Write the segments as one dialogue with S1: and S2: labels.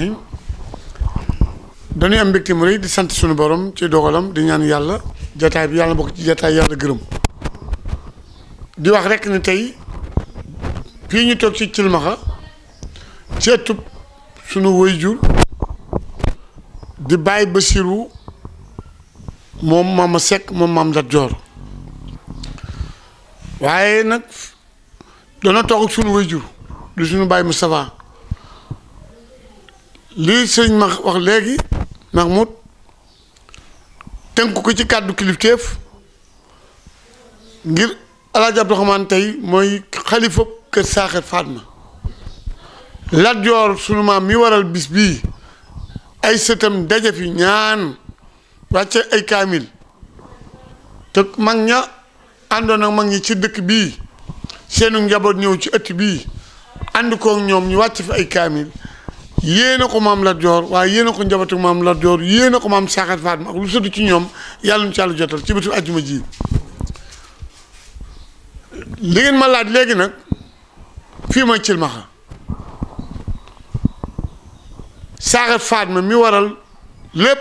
S1: rahim dañuy am mbégte mu rëy di sant suñu borom ci dogalam di ñaan yàlla jataay bi yàlla bokk ci jataay yàlla gërëm di wax rekk ni tey fii ñu toog ci cilmaxa ci ëttub sunu waajur di bàyyi ba siru moom Maama Sekk moom Maam Lat Joor waaye nag dana toog ak sunu waajur di sunu Baay Mustafaa lii sëñ ma wax léegi Mahmoud tënk ko ci kàddu kilifteef ngir alaaji Abdourahmane tey mooy xalifa kër Saaxir Fatma Lat Joor sunu maam mi waral bis bi ay sëtam daje fi ñaan wàcce ay kaamil te mag ña àndoon mag ñi ci dëkk bii seenu njaboot ñëw ci ëtt bii ànd koog ñoom ñu wàcc fi ay kaamil yéen a ko maam Lat Joor waaye yéen a ko njabootu maam Lat Joor yéen a am maam Saaxat ma ak lu sëdd ci ñoom yàlla nu ci yàlla jotal ci bëtu àjjuma ji li ngeen ma laaj léegi nag fii mooy cilmaxa Saaxat Faatma mi waral lépp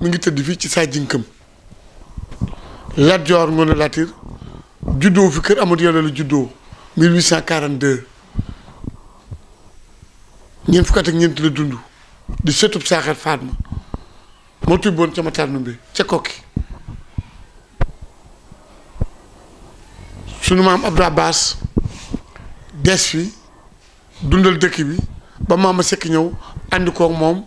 S1: mu ngi tëdd fii ci saa jinkam Lat Joor Ngoone Latiir juddoo fi kër amut Yàlla la juddoo 1842 ni fukk ak ñeent la dundu di setup saaxeet Fatma moo tubboon ca Matarnu bi ci kokki sunu maam Abdou Abbas des fi dundal dekk bi ba sekk ñew andi ko ak mom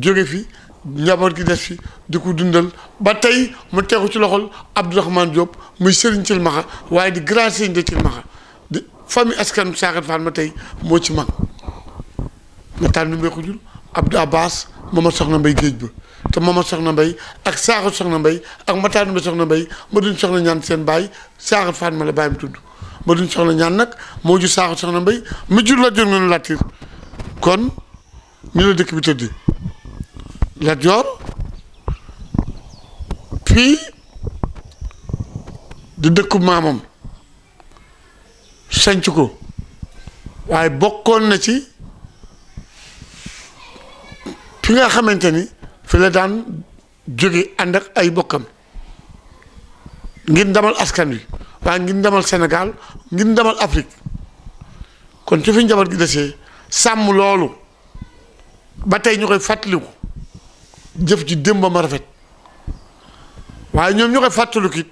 S1: joge fi njaboot gi des fi di ko dundal ba tay mu tegu ci loxol rahman Diop muy Serigne Cilmaxa waaye di grand Serigne de Cilmaxa di famille askan saaxeet Fatma tay mo ci mag Matar Ndumbé ko jur Abdou moom Mama Soxna Mbay géej ba te Mama Soxna Mbay ak Saaxu Soxna Mbay ak Matar Ndumbé Soxna Mbay ma duñ soxna ñaan seen baay Saaxu Fatma la baayam tudd ma duñ soxna ñaan nag moo jur Saaxu Soxna Mbay mu jur Lat Joor ngeen Latiir kon ñu la dëkk bi tëddee Lat Joor fii di dëkku maamam sanc ko waaye bokkoon na ci fi nga xamante ni fi la daan jóge ànd ak ay bokkam ngir ndamal askan wi waaye ngir ndamal Sénégal ngir ndamal Afrique kon ci fi njaboot gi desee sàmm loolu ba tey ñu koy fàttaliku jëf ji démb ma rafet waaye ñoom ñu koy fàttaliku it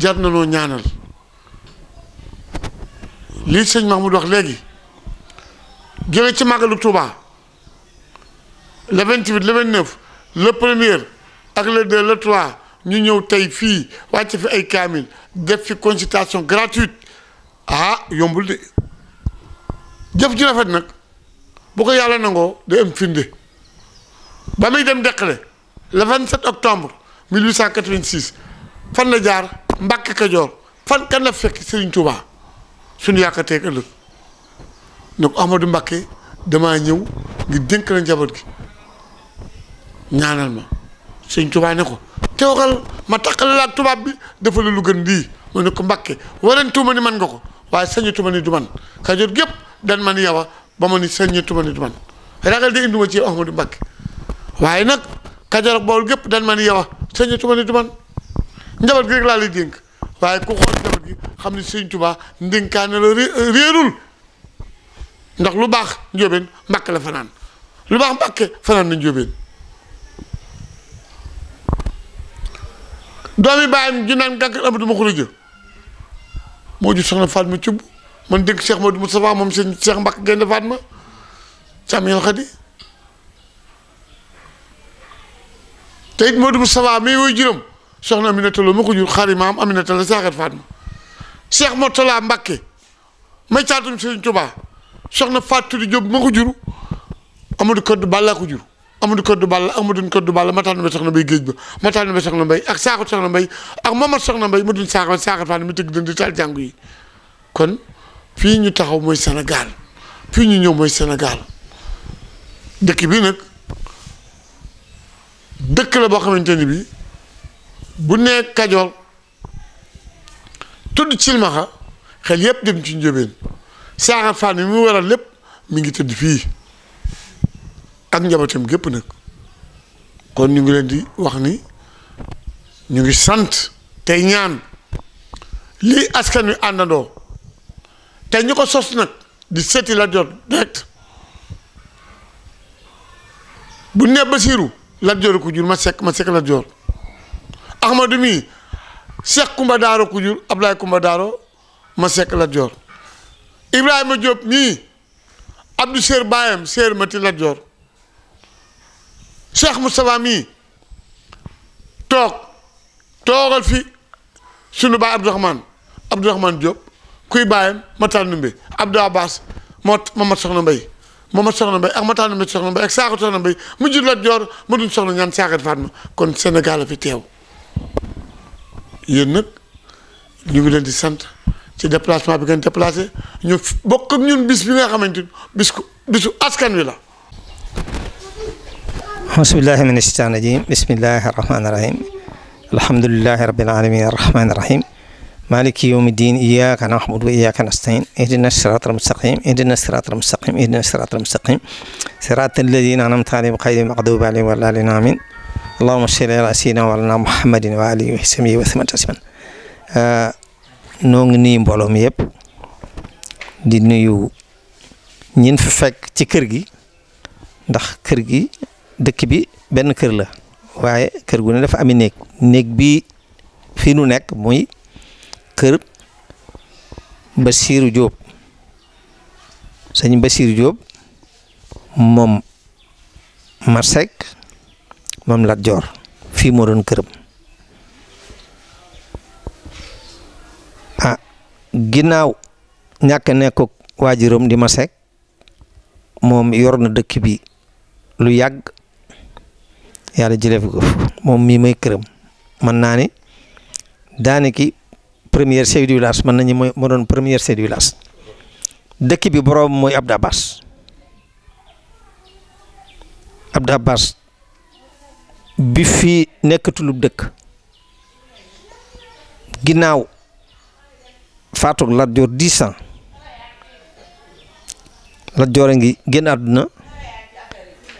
S1: jar na noo ñaanal lii sëñ Mahmoud wax léegi jóge ci màggalu Touba. le 28 le 29 le premier ak le 2 le 3 ñu ñëw tey fii wàcc fi ay kaamil def fi consultation gratuite ah yombul de jëf ju rafet nag bu ko yàlla nangoo day am firnde ba dem le 27 octobre 1886 fan la jaar Mbàkke Kajoor fan kan la fekk Serigne Touba suñu yàkkateeg ëllëg ne ko Ahmadou Mbàkke damaa ñëw dénk la njaboot gi ñaanal ma sëñ Tuubaa ne ko teewal ma takkale la ak tubaab bi defal lu gën lii mu ne ko Mbàkke warantuma ni man nga ko waaye sañatuma ni du man Kajoor gépp dan man yow ba ma ni sañatuma ni du man ragal de induma waaye nag Kajoor ak gépp dan man yow sañatuma ni du gi rek laa lay dénk waaye ku xool njaboot gi xam ni sëñ Tuubaa ndénkaane la réerul ndax lu baax njóobeen Mbàkke la fanaan lu baax Mbàkke fanaan na njóobeen doomi bàyyam ju naan gàkk amatu ma xuréja moo jur soxna Fatma Cubb man dégg Cheikh Modou Moustapha moom seen Cheikh Mbacke Gaynde Fatma càmm yàlla xadi te it Modou Moustapha mi woy juróom soxna Aminata Lo ma ko jur xarit maam Aminata la saaxat Fatma Cheikh Mourtala Mbacke may caatum Serigne Touba soxna Fatou Diop ma ko jur Amadou Codé Balla ko jur Amadou Koddu Balla Amadou Koddu Balla Matar Ndumbe Soxna Mbaye géej ba Matar Ndumbe Soxna Mbaye ak Sakho Soxna Mbaye ak Mamad Soxna Mbaye mu dun Sakho Sakho Fane mi tëgg dënd taal jàngu yi kon fii ñu taxaw mooy Sénégal fii ñu ñëw mooy Sénégal dëkk bi nag dëkk la boo xamante ni bi bu nee Kajoor tudd Cilmaxa xel yépp dem ci Njóobeen Sakho Fane mi mu waral lépp mu ngi tëdd fii ak njabootam gépp nag kon ñu ngi leen di wax ni ñu ngi sant te ñaan lii askan wi àndandoo te ñu ko sos nag di seeti Lat Joor direct bu ne Basiiru Lat Joor ko ma sekk ma sekk Lat Joor Ahmadu mi Seex Kumba Daaro ko jur Ablaay Daaro ma sekk Lat Joor Ibrahima Diop mii Abdou Séer baayam Séer Mati Lat Joor Cheikh Moustapha mii toog toogal fi sunu baay Abdourahmane Abdourahmane Diop kuy baayam Matar Numbe Abdou Abbas moo Mamat Soxna Mbay ma Mamat na Mbay ak Matar Numbe Soxna Mbay ak Sakho Soxna Mbay mu jur la joor mu duñ soxna ñaan Sakho Fatma kon Sénégal a fi teew yéen nag ñu ngi leen di sant ci déplacement bi ngeen déplacé ñu bokk ñun bis bi nga xamante bisu bisu askan wi la.
S2: أعوذ بالله من الشيطان الرجيم بسم الله الرحمن الرحيم الحمد لله رب العالمين الرحمن الرحيم مالك يوم الدين إياك نعبد وإياك نستعين اهدنا الصراط المستقيم اهدنا الصراط المستقيم اهدنا الصراط المستقيم صراط الذين أنعمت عليهم غير المغضوب عليهم ولا الضالين آمين اللهم صل على سيدنا وعلى محمد وعلى آله وصحبه وسلم تسليما noo ngi nuyu mbooloo mi yëpp di nuyu ñin fi fekk ci kër ndax kër gi dëkk bi benn kër la waaye kër gu ne dafa ami néeg néeg bi fii nu nekk mooy kër Basiiru Jóob sëñ Basiiru Jóob moom Marsek moom Lat Joor fii moo doon këram ah ginnaaw ñàkk nekk waajuram di Marsek moom yor na dëkk bi lu yàgg yàlla jëlee ko mom mi may kërëm man naa ne daane ki première chef du village man nañu mooy ma doon première chef du village dëkk bi borom moy abda bass abda bass bi fii nekkatulub dëkk ginaaw fatou la dior dix ans Lat Joor ngi génn àdduna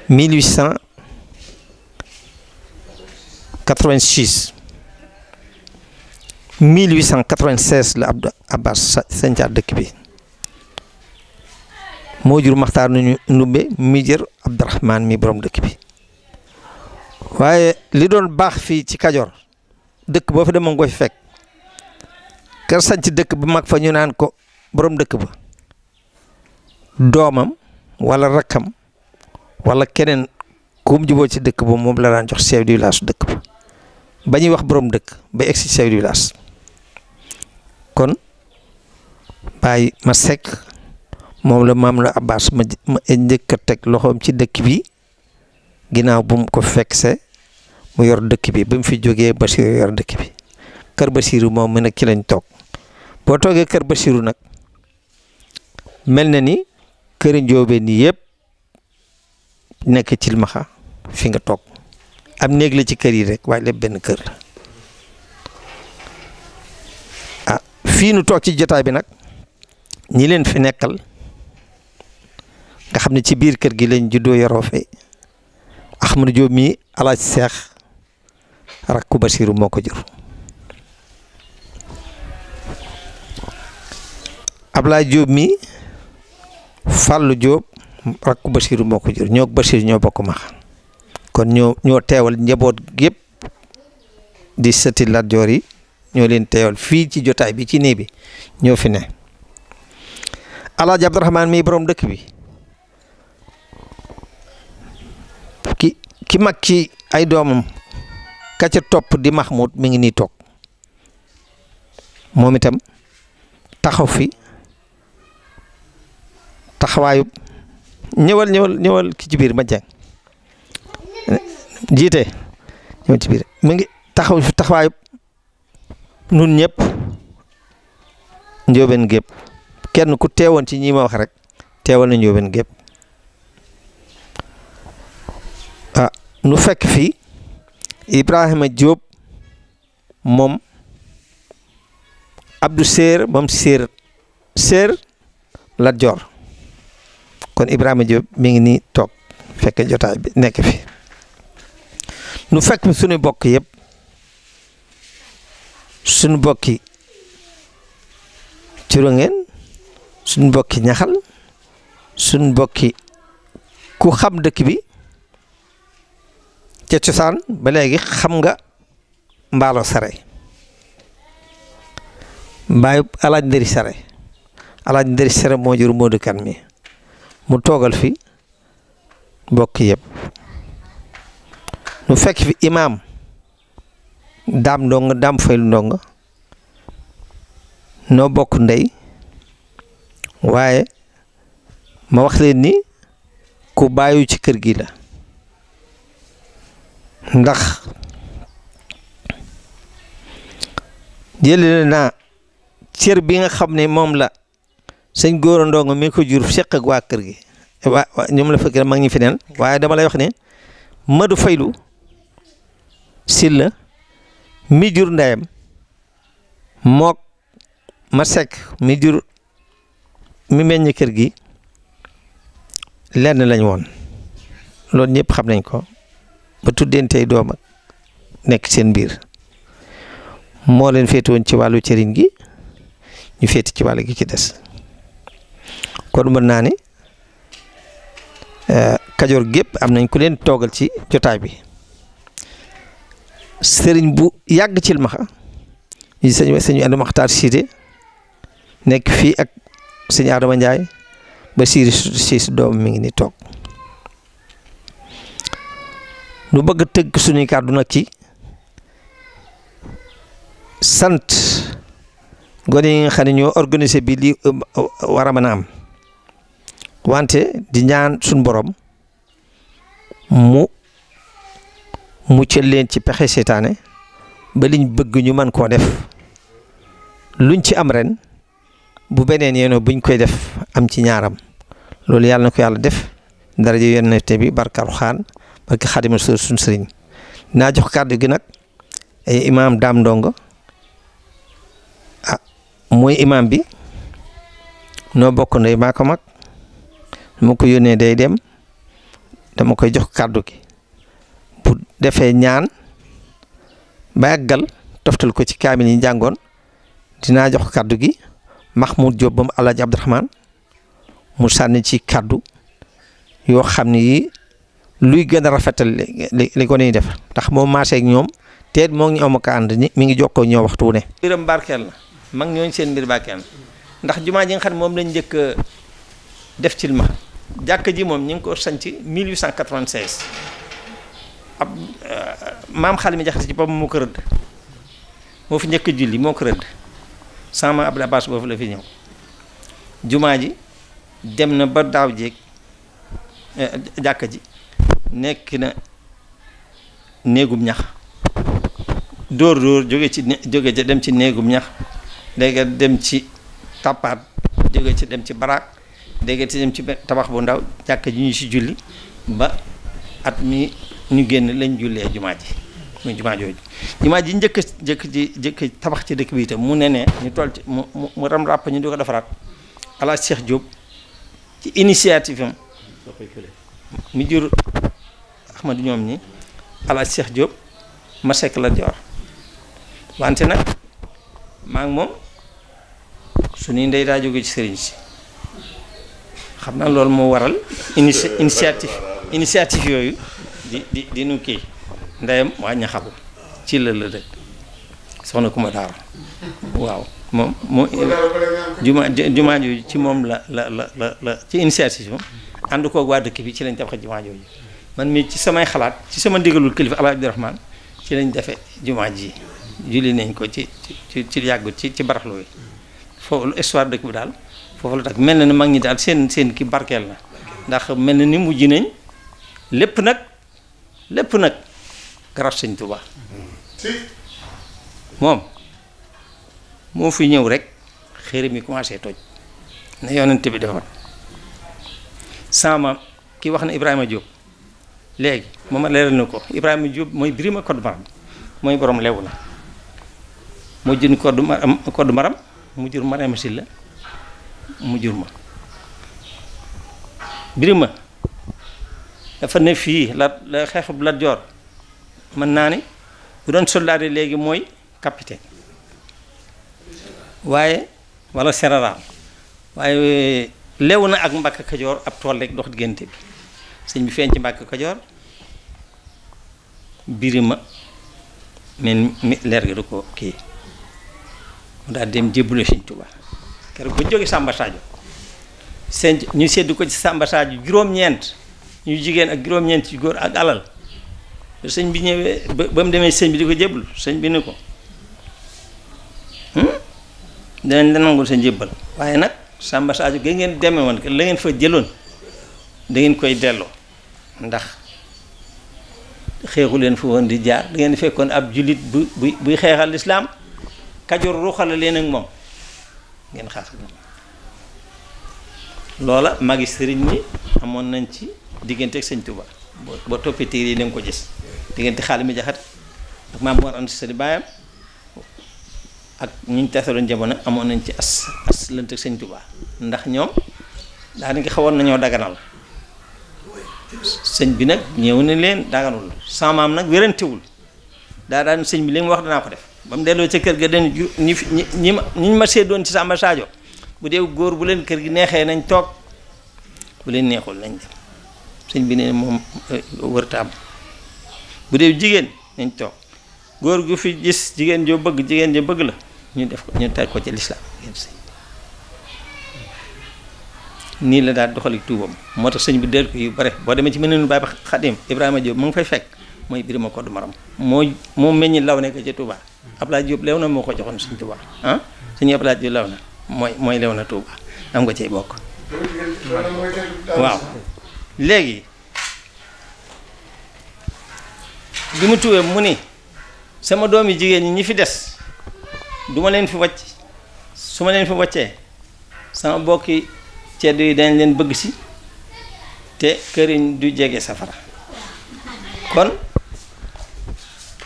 S2: mille 1886 1896 la Abdou Abbas sancaat dëkk bi moo jur Maxtaar nu Ndumbe mi jër Abdourahman mi borom dëkk bi waaye li doon baax fii ci Kajoor dëkk boo fi demoon nga fi fekk kër sanc dëkk bu mag fa ñu naan ko borom dëkk ba doomam wala rakkam wala keneen kum juboo ci dëkk ba moom la daan jox bañi wax borom dekk ba exi chef village kon bay ma sek mom la mam la Abbas ma ma tek loxom ci dekk bi ginaaw bu mu ko fekkse mu yor dekk bi ba mu fi jógee Basiru yor dekk bi kër Basiru moom mu ci lañ tok bo kër nak mel na ni këri njóobeen ni yëpp nek ci Cilmaxa fi nga tok am néeg la ci kër yi rek way le ben kër la ah fi nu tok ci jotaay bi nak ñi leen fi nekkal nga xamni ne ci biir kër gi lañ juddoo yoro fe Axmadu Jóob mi ala seex rakku basiru moko jur ablay Jóob mi Fàllu rakku basiru moko jur ñok basir ñoo bokuma xam kon ñoo teewal njaboot yëpp di sëti Lat Joor yi ñoo leen teewal fii ci jotaay bi ci nii bi ñoo fi ne alaaji Abdurahmaan mii boroom dëkk bi ki ki mag ki ay doomam ka ca topp di Mahmoud mi ngi nii toog moom itam taxaw fi taxawaayu ñëwal ñëwal ñëwal ki ci biir ma jàng jiite ñëw ci biir mu ngi taxaw fi taxawaayub nun ñëpp njóobeen gépp kenn ku teewoon ci ñi ma wax rek teewal na njóobeen gépp ah nu fekk fii Ibrahima jóob moom Abdou Séer moom Séer Séer Lat Joor kon Ibrahima jóob mi ngi nii toog fekk jotaay bi nekk fi nu fekk fi suñu bokk yëpp suñu bokki curangeen suñu bokki ñaxal suñu bokki ku xam dëkk bi ca cosaan ba léegi xam nga mbaalo sare bàyyi alaaj ndëri sare alaaj ndëri sare moo jur Modou Kane mi mu toogal fi bokk yëpp nu fekk fi imaam daam ndongo daam faylu ndongo noo bokk ndey waaye ma wax leen ni ku bàyyu ci kër gi la ndax jëlee naa cër bi nga xam ne moom la sëñ góor ndongo mi ko jur seq ak waa kër gi waa ñoom la fekk mag ñi fi neen waaye dama lay wax ne madu faylu silla mi jur ndayam mok ma sek mi jur mi meññ kër gi lenn lañ won lool ñepp xam nañ ko ba tuddentey doom ak nek seen biir mo leen fété won ci walu cëriñ gi ñu fété ci walu gi ci dess kon mën na ni eh, kajoor gep am nañ ku leen togal ci jotaay bi sëriñ bu yàgg ci Cilmaxa yi sëñ sëñ Andi nekk fii ak sëñ Adama Ndiaye ba siiri siis doom mi ngi ni toog nu bëgg tëgg suñuy kàddu nag ci sant gone yi nga xam ne ñoo organisé bi li euh, war a mën am wante di ñaan suñ boroom mu muccal leen ci pexe seytaane ba liñ bëgg ñu man koo def luñ ci am ren bu beneen yéenoo buñ koy def am ci ñaaram loolu yàlla na ko yàlla def daraja yonente bi barkaru xaan barke xaadima su suñ sëriñ naa jox kàddu gi nag ay imaam daam ndongo a ah, mooy imaam bi noo bokk ndey maa ko mag mu ko yónnee day dem dama koy jox kàddu gi defé ñaan baggal toftal ko ci kaamil yi jàngoon dinaa jox kaddu gi Mahmoud Diop ba mu Alaaji mu sànni ci kaddu yo xamni luy gëna rafetal li ko nuy def mo marché ak ñom teet mo ngi am am and ni mi ngi joko ñoo waxtu ne. biram barkel na mag ñoo seen bir barkeel ndax juma ji nga xam mom lañu jëk def ci ma jakk ji mom ñing ko ci 1896. ab euh, maam mi jaxate ci boppam moo ko rëdd moo fi njëkk julli moo ko rëdd sama Abdou Abbas boobu la fi ñëw jumaa ji dem na ba daaw jéeg euh, jàkka ji nekk na néegum ñax dóor dóor jóge ci jóge ca dem ci néegub ñax léegi dem ci tàppaat jóge ci dem ci baraak léegi ci dem ci tabax bu ndaw jàkka ji ñu ci julli ba at mi ñu génn lañ jullee jumaa ji muy jumaa jooju jumaa ji njëkk njëkk ji njëkk tabax ci dëkk bi itam mu ne ne ñu toll ci mu mu ram ràpp ñu di ko defaraat ala Cheikh Diop ci initiative mu mi jur Ahmadu ñoom ñi ala Cheikh Diop ma sekk la joor wante nag maa ngi moom suñuy ndey daa jóge ci sëriñ si xam naa loolu moo waral initiative initiative yooyu di di di nu kii ndeyam waa ñaxabu ci la la dëkk soxna kuma daara waaw moom moo juma jumaa jooju ci moom la la la la la ci initiative ànd koog waa dëkk bi ci lañ tabax jumaa jooju man mi ci samay xalaat ci sama ndigalul kilifa Abdou Abdourahmane ci lañ defe jumaa ji julli nañ ko ci ci ci yàggut ci ci baraxlu wi foofu histoire dëkk bi daal foofu la tax mel na ni mag ñi daal seen seen ki barkeel na ndax mel na ni mujj nañ lépp nag lepp nak garab seigne touba mom mo fi ñew rek xëri mi commencé toj na yonent bi sama ki wax na Ibrahima Diop légui moom leeral na ko Ibrahima Diop moy birima code maram moy borom lewu mo jinn code maram code maram mu jur sil la mu jur ma birima dafa ne fii la xeexub la Joor mën naa ne bu doon soldaar yi léegi mooy capitaine waaye walla général waaye lew na ak Mbàkke Kajoor ab tool rek dox diggante bi sëñ bi feeñ ci Mbàkke Kajoor birima men mi leer gi du ko kii mu daal dem jébbale sëñ Tuubaa keroog ba jóge Sàmba Saajo sëñ ñu seddu ko ci Sàmba Saajo juróom-ñeent ñu jigen ak juroom ñent ci góor ak alal señ bi ñewé bam démé señ bi di ko señ bi ni ko hmm? dañ la nangul señ njébbal wayé nak samba saaju ge ngeen demee woon la ngeen fa jëloon da ngeen koy delloo ndax xéxu len fu won di jaar da ngeen fekkon ab julit bu bu buy xeexal lislaam kajoor ruuxale leen ak mom ngeen xaas lola moom loola magi sëriñ bi amoon nañ ci diggante ak sëñ Touba boo toppee téere yi da nga ko gis diggante xaalis mi jaxat ak maam si Anta Sali baayam ak ñu ñu tasaloon jamono amoon nañ ci as as lënt ak sëñ Touba ndax ñoom daanaka xawoon nañoo daganal sëñ bi nag ñëw na leen daganul sama maam nag wérantewul daa daan sëñ bi li mu wax danaa ko def ba mu delloo ca kër ga dañu ju ñi ñi ma ñi ma séddoon ci Samba Sadio bu dee góor bu leen kër gi neexee nañ toog bu leen neexul nañ dem sëñ bi ne moom eh, wërta am bu dee jigéen nañ toog góor gu fi gis jigéen joo bëgg jigéen joo bëgg la ñu def ko ñu teg ko ci lislaam nii la daal doxali tuubam moo tax sëñ bi del ko yu bare boo demee ci mëneenu baay ba xadim Ibrahima Diop mu ngi fay fekk mooy birima ko du maram moo moo meññi law nekk ca Touba Abdoulaye Diop lew na moo ko joxoon sëñ Touba ah sëñ Abdoulaye Diop na mooy mooy lew na Touba am nga cay bokk waaw léegi bi mu tuwee mu ni sama doom yi jigéen ñi ñi fi des du ma leen fi wàcc su ma leen fi wàccee sama bokki ceddu yi dañ leen bëgg si te këriñ du jege safara kon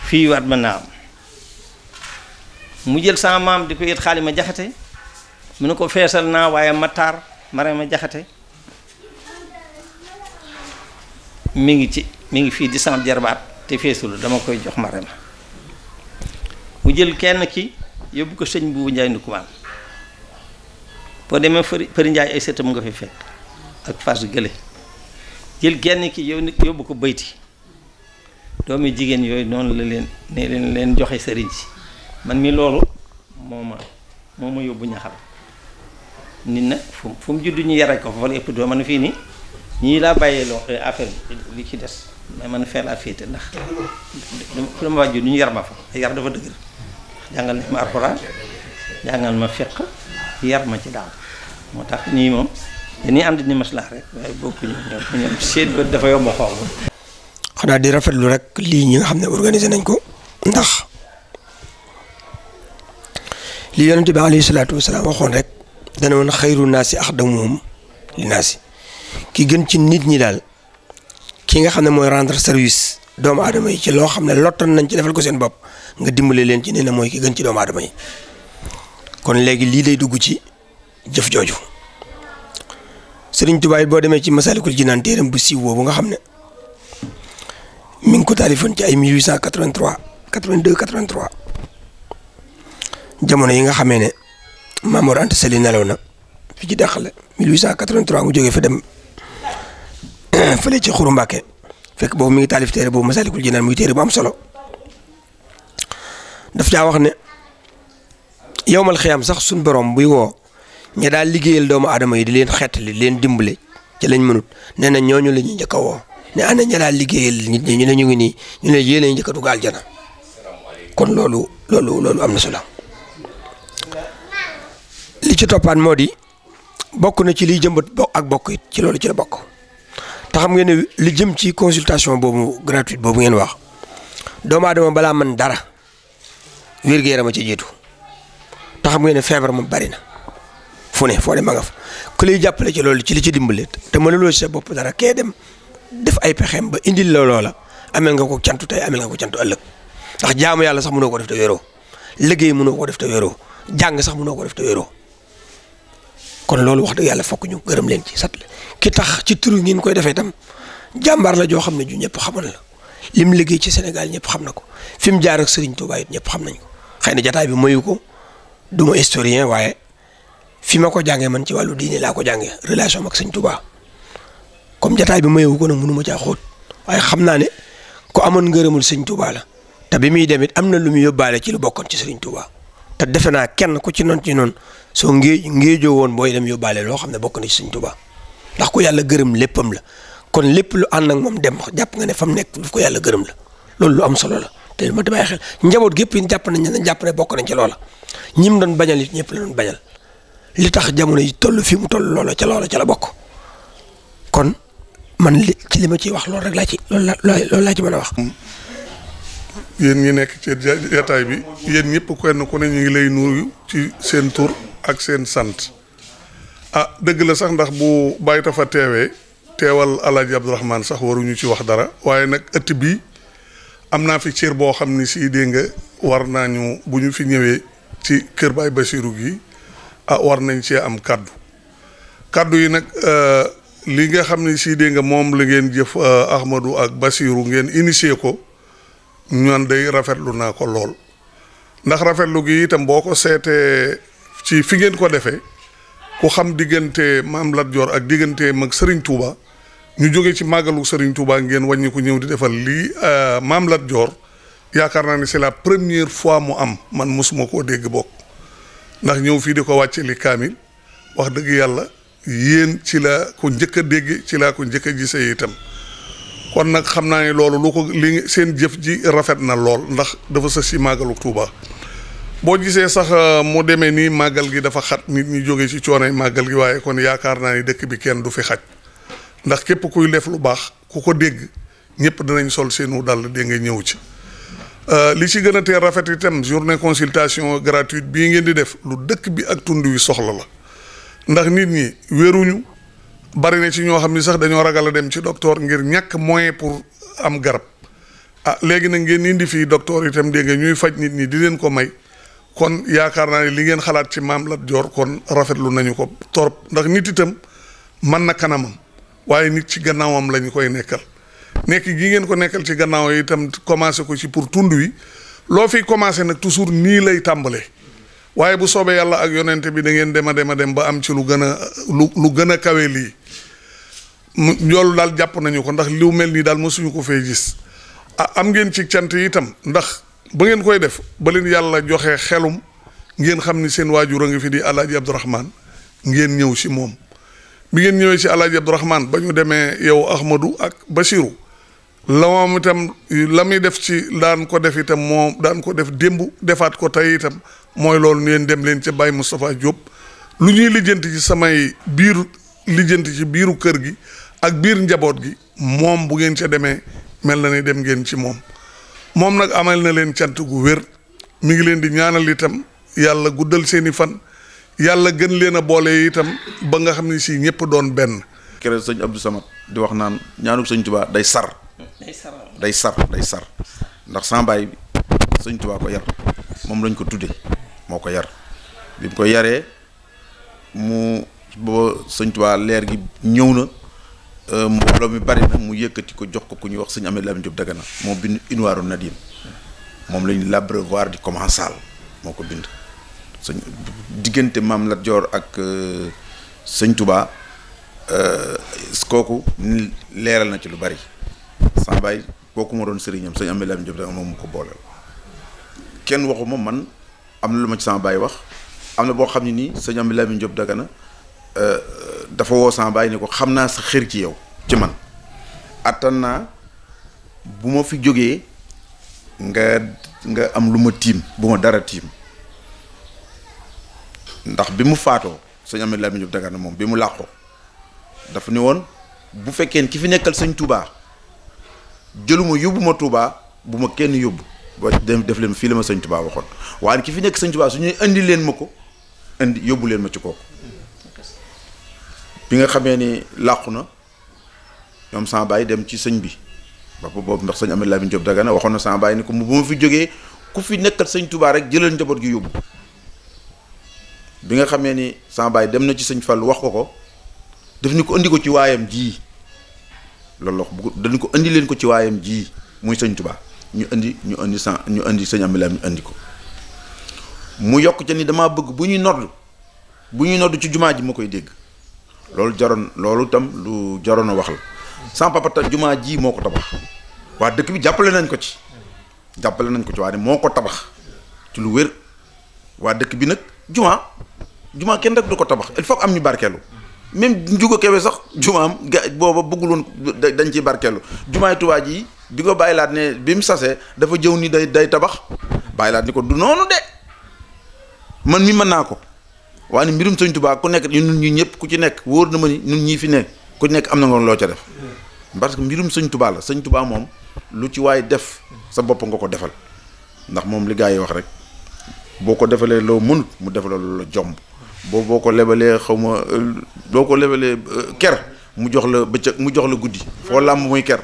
S2: fii waat ma naa am mu jël sama maam di ko yët xaalima jaxate mu ne ko feesal naa waaye ma taar ma mare ma jaxate mi ngi ci mi ngi fii di sama jarbaat te feesul dama koy jox ma rem mu jël kenn ki yóbbu ko sëñ buubu njaay ndukkumaan boo demee fëri fëri njaay ay sëtam nga fi fekk ak fas gële jël kenn ki yow nit yóbbu ko bayti doomi jigéen yooyu noonu la leen ne leen leen joxe sëriñ si man mi loolu moo ma yóbbu ñaxal nit na fu mu juddu ñu yare ko fa la ëpp doo man fii nii ñi la bàyyee lo, xé affaire li ci dess may man a feel ak ndax fu dama wàjju ñu yar ma fa yar dafa dëgër jangal nañ ma alcorane jangal ma fiqh yar ma ci daal motax tax mom moom dañuy ànd ni maslah rek waaye bokkuñu ñu ñu sét ba dafa yom xol
S3: xana di rafetlu rek li ñi nga xamné organiser nañ ko ndax li yonente bi alayhi salatu wasalaam waxoon rek dana won khairu nasi axdamuhum linasi ki gën ci nit ñi daal ki nga xam ne mooy rendre service doomu aadama yi ci loo xam ne lottoon nañ ci defal ko seen bopp nga dimbale leen ci nee na mooy ki gën ci doomu aadama yi kon léegi lii lay dugg ci jëf jooju seriñ Tuubaa it boo demee ci Masaalikul Jinaan téeram bu siiw boobu nga xam ne mi ngi ko taalifoon ci ay 1883 82 83 jamono yi nga xamee ne Maam Mor seli nelaw na fi ci dàqale 1883 mu jóge fa dem fële ci xuru Mbàkke fekk boobu mi ngi taalif téere boobu Masaalikul Jinaan muy téere bu am solo daf caa wax ne yowmal xiyaam sax suñ borom buy woo ña daal liggéeyal doomu aadama yi di leen xettali di leen dimbale ci lañ mënut nee na ñooñu la ñuy njëkk a woo ne ana ña daal liggéeyal nit ñi ñu ne ñu ngi nii ñu ne yéen a njëkk a dugg kon loolu loolu loolu am na solo li ci toppaan moo di bokk na ci liy jëmbat bo ak bokkit ci loolu ci la bokk. te xam ngeen ne li jëm ci consultation boobu gratuite boobu ngeen wax doomu aadama balaa man dara wér-gu-yaram a ci jiitu te xam ngeen ne feebar moom bari na fu ne foo dem ma nga fa ku lay jàppale ci loolu ci li ci dimbale te mënuloo ci sa bopp dara kee dem def ay pexeem ba indil la loola amel nga ko cantu tey amel nga ko cantu ëllëg ndax jaamu yàlla sax mënoo ko def te wéroo liggéey mënoo ko def ta wéroo jàng sax mënoo ko def te wéroo kon loolu wax dëgg yàlla fokk ñu gërëm leen ci sat la ki tax ci turu ngeen koy defee tam jàmbaar la joo xam ne ju ñëpp xamoon la lim liggéey ci Sénégal ñëpp xam na ko fi mu jaar ak Serigne Touba ñëpp xam nañ ko xëy na jataay bi mayu ko du ma historien waaye fi ma ko jàngee man ci wàllu diine laa ko jàngee relation ak Serigne comme jataay bi mayu ko nag mënu ma caa waaye xam naa ne ko amoon ngërëmul Serigne Touba la te bi muy dem am na lu muy yóbbaale ci lu bokkoon ci Serigne Touba te defe naa kenn ku ci noon ci noon soo ngee ngéejoo woon booy dem yóbbaale loo xam ne bokk na ci Sëñ Tuubaa ndax ko yàlla gërëm léppam la kon lépp lu ànd ak moom dem jàpp nga ne fa mu nekk lu ko yàlla gërëm la loolu lu am solo la te ma damay xel njaboot gépp yi jàpp nañ ne jàpp ne bokk nañ ci loola ñim doon bañal it ñëpp la doon bañal li tax jamono yi toll fii mu toll loola ca loola ca la bokk kon man li ci li ma ciy wax loolu rek a wax. yéen ñi
S4: nekk ci jataay bi yéen ñëpp kenn ku ne ñu ngi lay nuyu ci seen tur ak seen sant ah dëgg la sax ndax bu bàyyi tafa teewee teewal alaaji abdourahman sax waruñu ci wax dara waaye nag ëtt bi am naa fi cër boo xam ni sii dégg nga war naa ñu bu ñu fi ñëwee ci kër baay gi ah war nañ cee am kàddu kàddu yi nag euh, li nga xam ni sii dégg nga moom la ngeen jëf euh, ahmadou ak basiru ngeen initié ko ñoon day rafetlu naa ko lool ndax rafetlu gi itam boo ko seetee ci fi ngeen ko defee ku xam diggante maam Lat Joor ak diggante mag Serigne Touba ñu jóge ci màggalu Serigne Touba ngeen wàññi ko ñëw di defal lii euh, maam Lat Joor yaakaar naa ni c'est la première fois mu am man mosuma koo dégg bokk ndax ñëw fii di ko wàcce li kaamil wax dëgg yàlla yéen ci la ko njëkk dégg ci laa ko njëkk a gisee itam. kon nag xam naa ni loolu lu ko li seen jëf ji rafet na lool ndax dafa sës si màggalu Tuuba boo gisee sax euh, mu demee nii màggal gi dafa xat nit ñi jóge ci coonoy màggal gi waaye kon yaakaar naa ni dëkk bi kenn du fi xaj ndax képp kuy def lu baax ku ko dégg ñëpp dinañ sol seenu dàll dégg nga ñëw ci euh, li ci gën a tee rafet itam journée consultation gratuite bii ngeen di def lu dëkk bi ak tund wi soxla la ndax nit ñi wéruñu bari na ci ñoo xam ni sax dañoo ragal a dem ci docteur ngir ñàkk moyen pour am garab a ah, léegi nag ngeen indi fii docteur itam dégg nga ñuy faj nit ñi di leen ko may kon yaakaar naa ne li ngeen xalaat ci maam Lat Joor kon rafetlu nañu ko torop ndax nit itam man na kanamam waaye nit ci gannaawam lañu koy nekkal nekk gii ngeen ko nekkal ci gannaaw itam commencé ko ci pour tund wi loo fii commencé nag toujours nii lay tàmbalee waaye bu soobee yàlla ak yonent bi da ngeen dem a dem a dem ba am ci lu gën a lu lu gën a kawe lii loolu daal jàpp nañu ko ndax liw mel nii daal mosuñu ko fee gis ah am ngeen ci cant yi itam ndax ba ngeen koy def ba leen yàlla joxe xelum ngeen xam ni seen waajur a ngi fi di alaaji abdourahman ngeen ñëw si moom bi ngeen ñëwee si alaaji abdourahman ba ñu demee yow ahmadou ak basiru la moom itam la muy def ci daan ko def itam moom daan ko def démb defaat ko tey itam mooy loolu ngeen dem leen ca Baye Moustapha Diop lu ñuy lijjanti ci samay biir lijjanti ci biiru kër gi ak biir njaboot gi moom bu ngeen ca demee mel na ni dem ngeen ci moom moom nag amal na leen cant gu wér mu ngi leen di ñaanal itam yàlla guddal seeni fan yàlla gën leen a boole itam
S5: ba nga xam ne si ñëpp doon benn. keroog sëñ Abdou sama di wax naan ñaanuk sëñ Tuubaa day sar. day sar day sar ndax sama baay bi sëñ Tuubaa ko yar moom lañ ko tuddee. moo ko yar bi mu ko yaree mu booba sëñ Tuubaa leer gi ñëw na euh, mbooloo mi bari na mu yëkkati ko jox ko ku ñuy wax sëñ Amady Lamine Diop Dagana moo bind Inwaaru Nadim moom lañu l'abreuvoir du commensal moo ko bind sëñ diggante Maam Lat Joor ak euh, sëñ Tuubaa euh, kooku leeral na ci lu bari saa baay kooku ma doon sëriñam sëñ Amady Lamine Diop Dagana moom mu ko booleel kenn waxuma man am na lu ma ci sama baay wax am na boo xam ne nii sëñ Amady Lamine Diop Dagana euh, dafa woo sama baay ni ko xam naa sa xër ci yow ci man àttan naa bu ma fi jógee nga nga am lu ma tiim bu ma dara tiim ndax bi mu faatoo sëñ Amady Lamine Diop Dagana moom bi mu làqoo dafa ni woon bu fekkee ki fi nekkal sëñ Touba jëluma yóbbu ma Touba bu ma kenn yóbbu boo def leen fii la ma sëñ Tuubaa waxoon waaye ki fi nekk sëñ Tuubaa su ñuy indi leen ma ko indi yóbbu leen ma ci kooku bi nga xamee ni làqu na ñoom sama baay dem ci sëñ bi bopp boobu ndax sëñ Amadou Lamine Diop Dagana waxoon na sama baay ni ko bu ma fi jógee ku fi nekkal sañ Tuubaa rek jëlal njaboot gi yóbbu bi nga xamee ni sama baay dem na ci sëñ Fall wax ko ko daf ni ko indi ko ci waayam jii loolu la ko indi leen ko ci waayam jii muy sëñ ñu indi ñu indi sa ñu indi sëñ Amilaa mu indi ko mu yokk ca ni damaa bëgg bu ñuy nodd bu ñuy nodd ci jumaa ji ma koy dégg loolu jaroon loolu itam lu jaroon a wax la sans papa jumaa ji moo ko tabax waa dëkk bi jàppale nañ ko ci jàppale nañ ko ci waa ne moo ko tabax ci lu wér waa dëkk bi nag jumaa jumaa kenn rek du ko tabax il faut am ñu barkeelu même Ndiouga Kébé sax jumaam ga booba bëgguloon dañ ciy barkeelu jumaay Tuubaa ji bi nga bàyyi laat ne bi mu sasee dafa jëw nii day day tabax bàyyi laat ni ko du noonu de man mi mën naa ko waaye ni mbirum sëñ tubaa ku nekk ñun ñi ñëpp ku ci nekk wóor na ma ni ñun ñii fi ne ku nekk am na nga loo ca def parce que mbirum sëñ Tuubaa la sëñ Tuubaa moom lu ci waay def sa bopp nga ko defal ndax moom li gaa yi wax rek boo ko defalee loo mënut mu defaloo la jomb boobu boo ko lebalee xaw ma euh, boo ko lebalee euh, ker mu jox la bëccëg mu jox la guddi foo làmb muy ker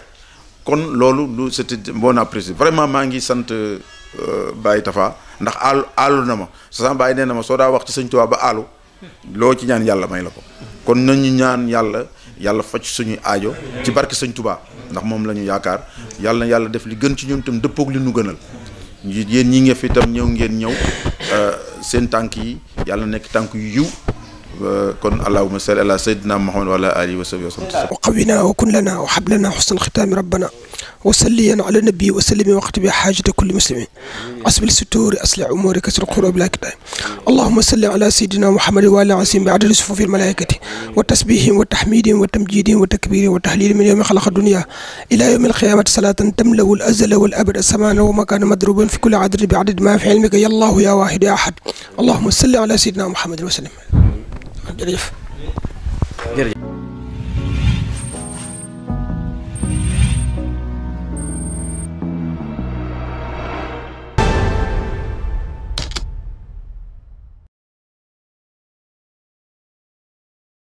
S5: kon loolu lu c'était bon apprécié vraiment maa ngi sant euh, bàyyi Tafa ndax aalu aalu na ma sa Baye nee na ma soo daa wax ci sëñ ba aalu loo ci ñaan yàlla may la ko kon nañu ñaan yàlla yàlla faj suñuy aajo ci barke sëñ tubaa ndax moom la ñu yaakaar yàlla na yàlla def li gën ci ñun itam dëppoog li nu gënal yéen ñi nga fi itam ñëw ngeen ñëw seen tànk yi يالا نيك تانك على سيدنا محمد وعلى اله وصحبه وسلم وقونا
S3: وكن لنا وحبلنا حسن الختام ربنا وصليا على النبي وسلم وقت بحاجة كل مسلم أسبل الستور أسلع أمورك كسر قرب لا كتاب اللهم صل على سيدنا محمد وعلى عسيم بعدد صفوف الملائكة وتسبيح وتحميد وتمجيد وتكبير وتهليل من يوم خلق الدنيا إلى يوم القيامة صلاة تملأ الأزل والأبد السمان كان مضروبا في كل عدد بعدد ما في علمك يا الله يا واحد يا أحد اللهم صل على سيدنا محمد وسلم جريف جريف